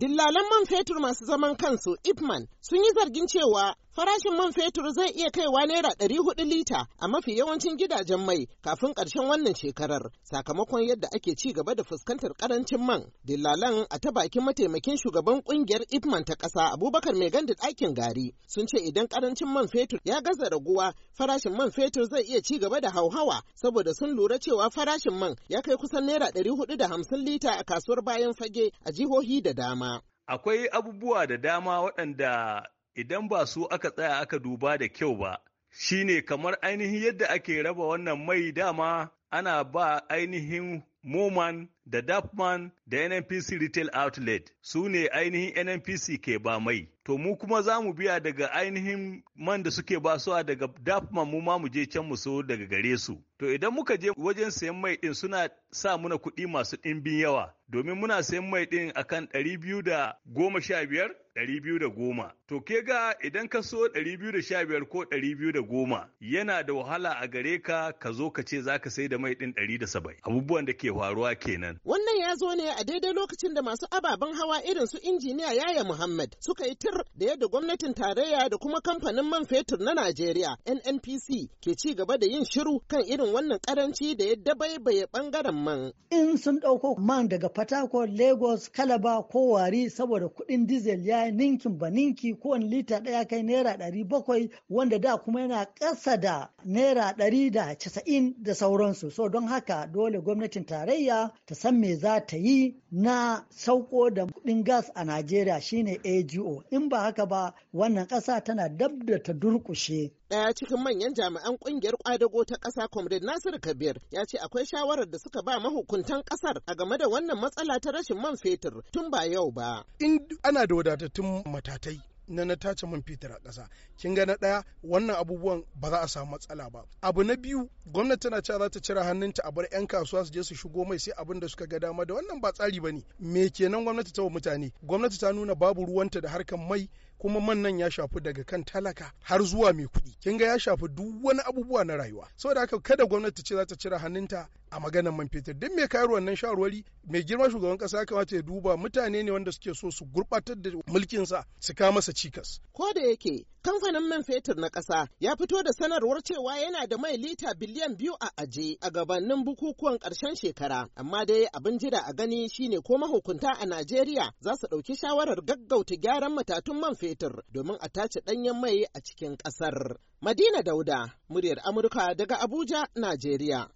Dillalan man fetur masu zaman kansu Ipman sun yi zargin cewa Farashin man fetur zai iya kaiwa naira ɗari hudu lita a mafi yawancin gidajen mai kafin ƙarshen wannan shekarar sakamakon yadda ake ci gaba da fuskantar ƙarancin man. Dillalan a ta bakin mataimakin shugaban ƙungiyar Ipman ta ƙasa Abubakar Mai Gandu ɗakin gari sun ce idan ƙarancin man fetur ya gaza raguwa farashin man fetur zai iya ci gaba da hauhawa saboda sun lura cewa farashin man ya kai kusan naira ɗari hudu da hamsin lita a kasuwar bayan fage a jihohi da dama. Akwai abubuwa da dama waɗanda idan ba su aka tsaya aka duba da kyau ba shi ne kamar ainihin yadda ake raba wannan mai dama ana ba ainihin moman da Dapman da NNPC Retail Outlet su ne ainihin NNPC ke ba mai. To mu kuma za mu biya daga ainihin man da suke basuwa daga Dapman mu ma mu je can mu so daga gare su. To idan muka je wajen sayan mai ɗin suna sa muna kuɗi masu ɗimbin yawa domin muna sayan mai ɗin akan ɗari biyu da goma sha biyar ɗari biyu da goma, To ke ga idan ka so ɗari biyu da sha biyar ko ɗari biyu da goma, yana da wahala a gare ka ka zo ka ce za ka sai da mai ɗin ɗari da saba'in. Abubuwan da ke faruwa kenan. Iran. Wannan ya zo ne a daidai lokacin da masu ababen hawa irin su injiniya Yaya Muhammad suka yi tir da yadda gwamnatin tarayya da kuma kamfanin man fetur na Najeriya NNPC ke ci gaba da yin shiru kan irin wannan karanci da ya dabaibaye bangaren man. In sun ɗauko man daga Fatako, Lagos, Kalaba ko Wari saboda kuɗin diesel ya ninkin ba ninki ko lita ɗaya kai naira ɗari bakwai wanda da kuma yana ƙasa da naira ɗari da casa'in da sauransu. So don haka dole gwamnatin tarayya ta san me za ta yi na sauko da kudin gas a Najeriya shine AGO in ba haka ba wannan ƙasa tana dab da ta durƙushe. Daya cikin manyan jami'an kungiyar kwadago ta ƙasa Comrade Nasiru Kabir ya ce akwai shawarar da suka ba mahukuntan ƙasar a game da wannan matsala ta rashin man fetur tun ba yau ba. In ana da wadatattun matatai na na tace man fitar a ƙasa kin ga na ɗaya wannan abubuwan ba za a samu matsala ba abu na biyu gwamnati tana cewa za ta cire hannunta a bar 'yan kasuwa su je su shigo mai sai abin da suka ga dama da wannan ba tsari ba me kenan gwamnati ta wa mutane gwamnati ta nuna babu ruwanta da harkan mai kuma man nan ya shafi daga kan talaka har zuwa mai kuɗi kin ga ya shafi duk wani abubuwa na rayuwa saboda haka kada gwamnati ce za ta cire hannunta a maganar man fetur duk mai kayar wannan shawarwari mai girma shugaban ƙasa, ya kamata ya duba mutane ne wanda suke so su gurɓatar da mulkin sa su kawo masa cikas ko da yake Kamfanin man fetur na ƙasa ya fito da sanarwar cewa yana da mai lita biliyan biyu a aje a gabanin bukukuwan ƙarshen shekara, amma dai abin jira a gani shine ko mahukunta a Najeriya za su ɗauki shawarar gaggauta gyaran matatun man fetur domin a tace ɗanyen mai a cikin ƙasar. Madina Dauda, muryar Amurka daga Abuja, Najeriya.